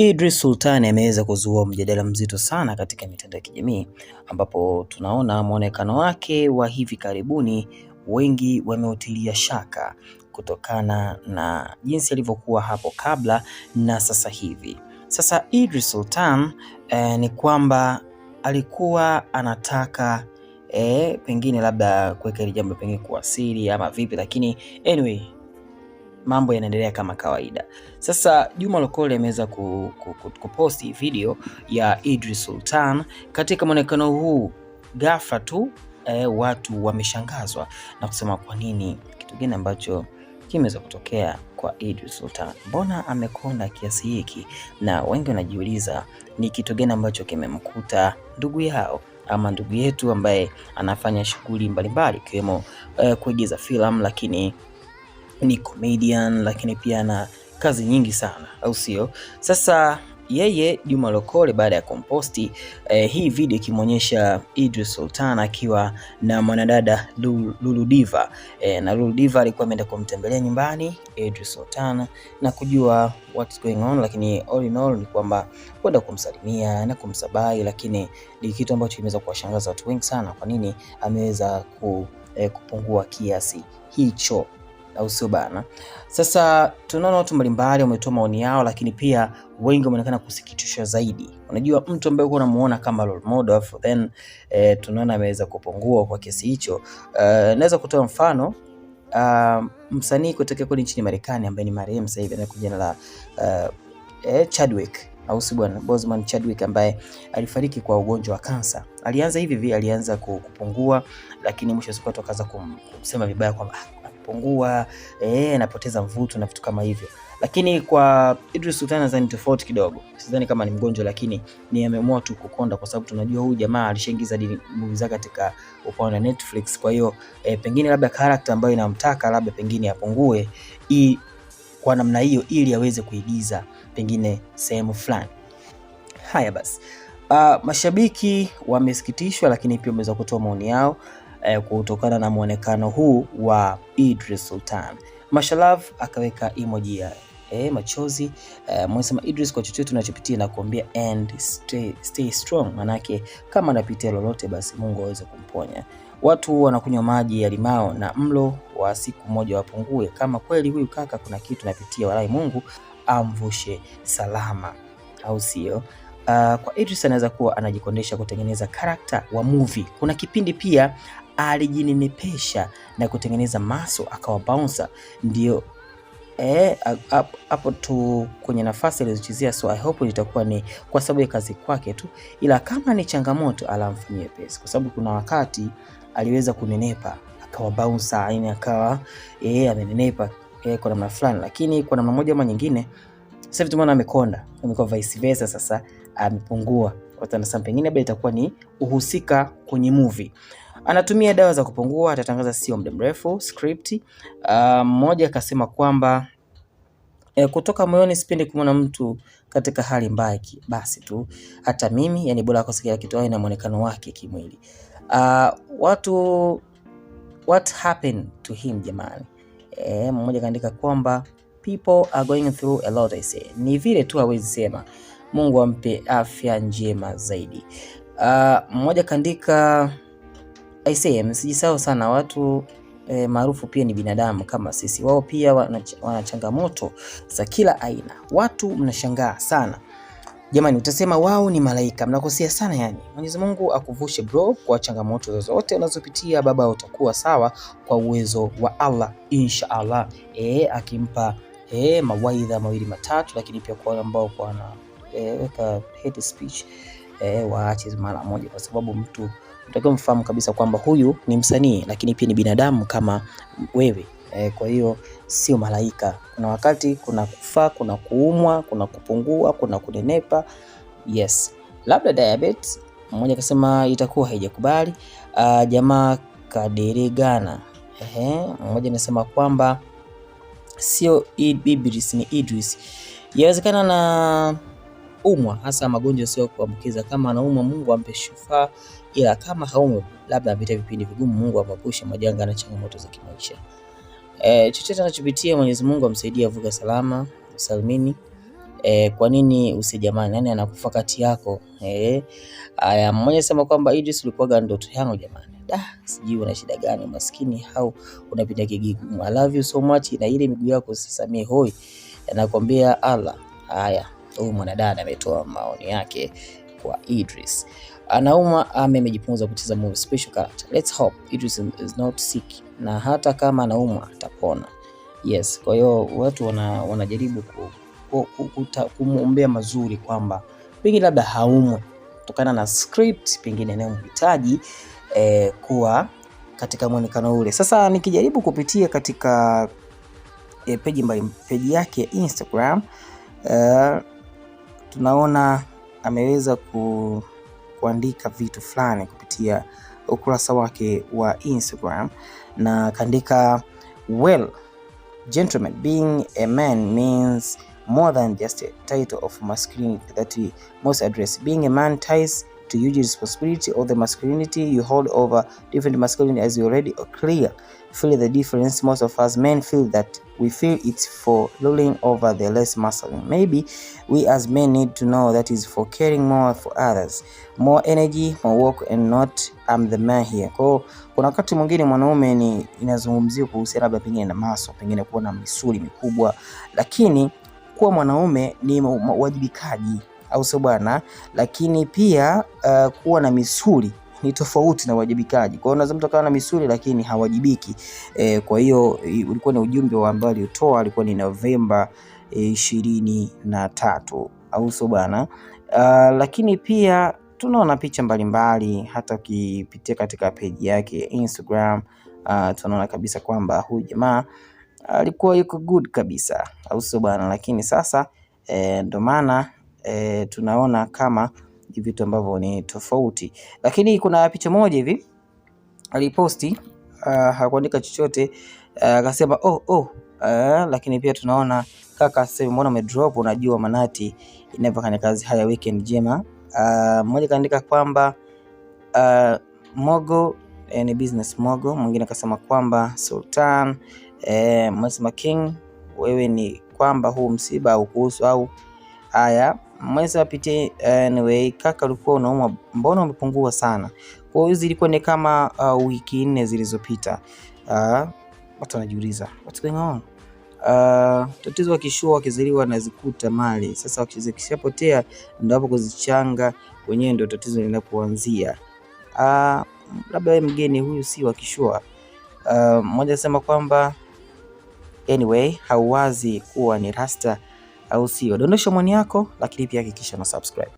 Idris Sultani ameweza kuzua mjadala mzito sana katika mitandao ya kijamii ambapo tunaona mwonekano wake wa hivi karibuni, wengi wameutilia shaka kutokana na jinsi alivyokuwa hapo kabla na sasa hivi. Sasa Idris Sultan eh, ni kwamba alikuwa anataka eh, pengine labda kuweka hili jambo pengine kuwa siri ama vipi, lakini anyway mambo yanaendelea kama kawaida. Sasa Juma Lokole ameweza ku, ku, ku, kuposti video ya Idris Sultan katika mwonekano huu. Ghafla tu eh, watu wameshangazwa na kusema kwa nini, kitu gani ambacho kimeweza kutokea kwa Idris Sultan, mbona amekonda kiasi hiki? Na wengi wanajiuliza ni kitu gani ambacho kimemkuta ndugu yao ama ndugu yetu ambaye anafanya shughuli mbalimbali ikiwemo eh, kuigiza filamu lakini ni comedian, lakini pia na kazi nyingi sana, au sio? Sasa yeye Juma Lokole baada ya komposti eh, hii video ikimwonyesha Idris Sultan akiwa na mwanadada Lulu Diva eh, na Lulu Diva alikuwa ameenda kumtembelea nyumbani Idris Sultan na kujua what's going on, lakini all in all ni kwamba kwenda kumsalimia na kumsabai, lakini ni kitu ambacho kimeweza kuwashangaza watu wengi sana. Kwa nini ameweza ku, eh, kupungua kiasi hicho? au sio bana? Sasa tunaona watu mbalimbali wametoa maoni yao, lakini pia wengi wameonekana kusikitishwa zaidi. Unajua, mtu ambaye uko unamuona kama role model afu then eh, tunaona ameweza kupungua kwa kiasi hicho. Eh, naweza kutoa mfano Uh, msanii kutoka kule nchini Marekani ambaye ni marehemu sasa hivi anakuja jina la uh, eh, Chadwick au si bwana Boseman Chadwick ambaye alifariki kwa ugonjwa wa kansa. Alianza hivi hivi, alianza kupungua, lakini mwisho siku watu wakaanza kumsema vibaya kwamba ah, eh, anapoteza mvuto na vitu kama hivyo. Lakini kwa Idris Sultan nadhani tofauti kidogo, sidhani kama ni mgonjwa, lakini ni ameamua tu kukonda, kwa sababu tunajua huyu jamaa alishaingiza movie zake katika upande wa Netflix. Kwa hiyo e, pengine labda character ambayo inamtaka labda pengine apungue i kwa namna hiyo, ili aweze kuigiza pengine sehemu fulani. Haya basi, uh, mashabiki wamesikitishwa, lakini pia wameweza kutoa maoni yao eh, kutokana na mwonekano huu wa Idris Sultan. Mashalav akaweka emoji ya eh, machozi eh, mwesema Idris, kwa chochote tunachopitia kuambia and stay, stay strong, manake kama anapitia lolote basi Mungu aweze kumponya. Watu wanakunywa maji ya limao na mlo wa siku moja wapungue. Kama kweli huyu kaka kuna kitu napitia, walai Mungu amvushe salama, au sio? Uh, kwa Idris anaweza kuwa anajikondesha kutengeneza karakta wa movie. Kuna kipindi pia alijinenepesha na kutengeneza maso akawa bouncer, ndio eh, hapo e, tu kwenye nafasi alizochezea. So I hope litakuwa ni kwa sababu ya kazi kwake tu, ila kama ni changamoto alamfanyie pesa, kwa sababu kuna wakati aliweza kunenepa akawa bouncer, yani akawa e, amenenepa e, kwa namna fulani, lakini kwa namna moja ama nyingine sasa hivi tumeona amekonda, amekuwa vice versa, sasa amepungua. kwa Watanasema pengine labda itakuwa ni uhusika kwenye movie anatumia dawa za kupungua, atatangaza sio muda mrefu script. Ah, mmoja uh, akasema kwamba E, kutoka moyoni sipendi kumwona mtu katika hali mbaya basi tu hata mimi yani, bora akose kitu na muonekano wake kimwili. Uh, watu what happened to him jamani? Eh, mmoja kaandika kwamba people are going through a lot I say. Ni vile tu hawezi sema, Mungu ampe afya njema zaidi. Uh, mmoja kaandika I say msijisahau sana watu e, maarufu pia ni binadamu kama sisi. Wao pia wana, wana changamoto za kila aina. Watu mnashangaa sana jamani, utasema wao ni malaika. Mnakosea sana yani. Mwenyezi Mungu akuvushe bro kwa changamoto zozote unazopitia baba, utakuwa sawa kwa uwezo wa Allah insha Allah. E, akimpa e, mawaidha mawili matatu, lakini pia kwa wale ambao kwa na weka head speech e, waache mara moja kwa sababu mtu unatakiwa mfahamu kabisa kwamba huyu ni msanii, lakini pia ni binadamu kama wewe e, kwa hiyo sio malaika. Kuna wakati kuna kufa, kuna kuumwa, kuna kupungua, kuna kunenepa. Yes, labda diabetes. Mmoja akasema itakuwa haijakubali. Uh, jamaa kaderegana. Ehe, mmoja anasema kwamba sio Ibris ni Idris. Yawezekana na umwa, hasa magonjwa sio kuambukiza. Kama anaumwa, Mungu ampe shifaa, ila kama haumwi, labda apite vipindi vigumu, Mungu amwepushe majanga na changamoto za kimaisha. E, chochote anachopitia Mwenyezi Mungu amsaidie avuke salama salmini. E, kwa nini usijamani? Nani anakufa kati yako? E, aya, mmoja sema kwamba Idris, ulikuwaga ndoto yangu jamani. Da, sijui una shida gani maskini, au unapita kigumu. I love you so much, na ile miguu yako sisamie hoi, nakwambia Allah. Haya huyu mwanadada ametoa maoni yake kwa Idris. Anauma amejifunza kucheza movie special character. Let's hope Idris is not sick, na hata kama anauma atapona. Yes, kwa hiyo watu wana, wanajaribu kumwombea mazuri kwamba pengine labda haumwe kutokana na script pengine inayomhitaji eh, kuwa katika mwonekano ule. Sasa nikijaribu kupitia katika eh, peji mbali peji yake ya Instagram eh, tunaona ameweza ku, kuandika vitu fulani kupitia ukurasa wake wa Instagram na kaandika well gentlemen being a man means more than just a title of masculinity that we must address being a man ties to huge responsibility or the masculinity you hold over different masculinity as you already are clear. Feel the difference. Most of us men feel that we feel it's for ruling over the less masculine. Maybe we as men need to know that is for caring more for others, more energy, more work and not I'm the man here. ko kuna wakati mwingine mwanaume ni inazungumzia kuhusiana labda pengine na maso, pengine kuwa na misuli mikubwa, lakini kuwa mwanaume ni wajibikaji au sio bwana? Lakini pia uh, kuwa na misuli ni tofauti na uwajibikaji. Kwa hiyo unaweza mtu akawa na misuli lakini hawajibiki e. Kwa hiyo ulikuwa ni ujumbe ambao aliotoa alikuwa ni Novemba eh, ishirini e, na tatu au sio bwana? Uh, lakini pia tunaona picha mbalimbali mbali, hata ukipitia katika peji yake ya Instagram uh, tunaona kabisa kwamba huyu jamaa alikuwa yuko good kabisa, au sio bwana? Lakini sasa e, ndo maana e, tunaona kama vitu ambavyo ni tofauti, lakini kuna picha moja hivi aliposti uh, hakuandika chochote ah, akasema uh, oh, oh. Uh, lakini pia tunaona kaka sasa hivi mbona umedrop, unajua manati inavyofanya kazi. Haya, weekend njema. Uh, mmoja kaandika kwamba uh, mogo eh, ni business mogo. Mwingine akasema kwamba sultan eh, mwasema king wewe, ni kwamba huu msiba au kuhusu au haya wa apitie eh, anyway, kaka ulikuwa anaumwa, mbona umepungua sana? Kwa hiyo zilikuwa ni kama uh, wiki nne zilizopita. Uh, watu wanajiuliza what's going on? Uh, tatizo wakishua wakizaliwa nazikuta mali sasa, wakishapotea ndio hapo kuzichanga wenyewe ndio tatizo linapoanzia. Uh, ah, labda wewe mgeni huyu si wakishua. Uh, mmoja anasema kwamba anyway hauwazi kuwa ni rasta au sio? Dondosha maoni yako, lakini pia hakikisha na subscribe.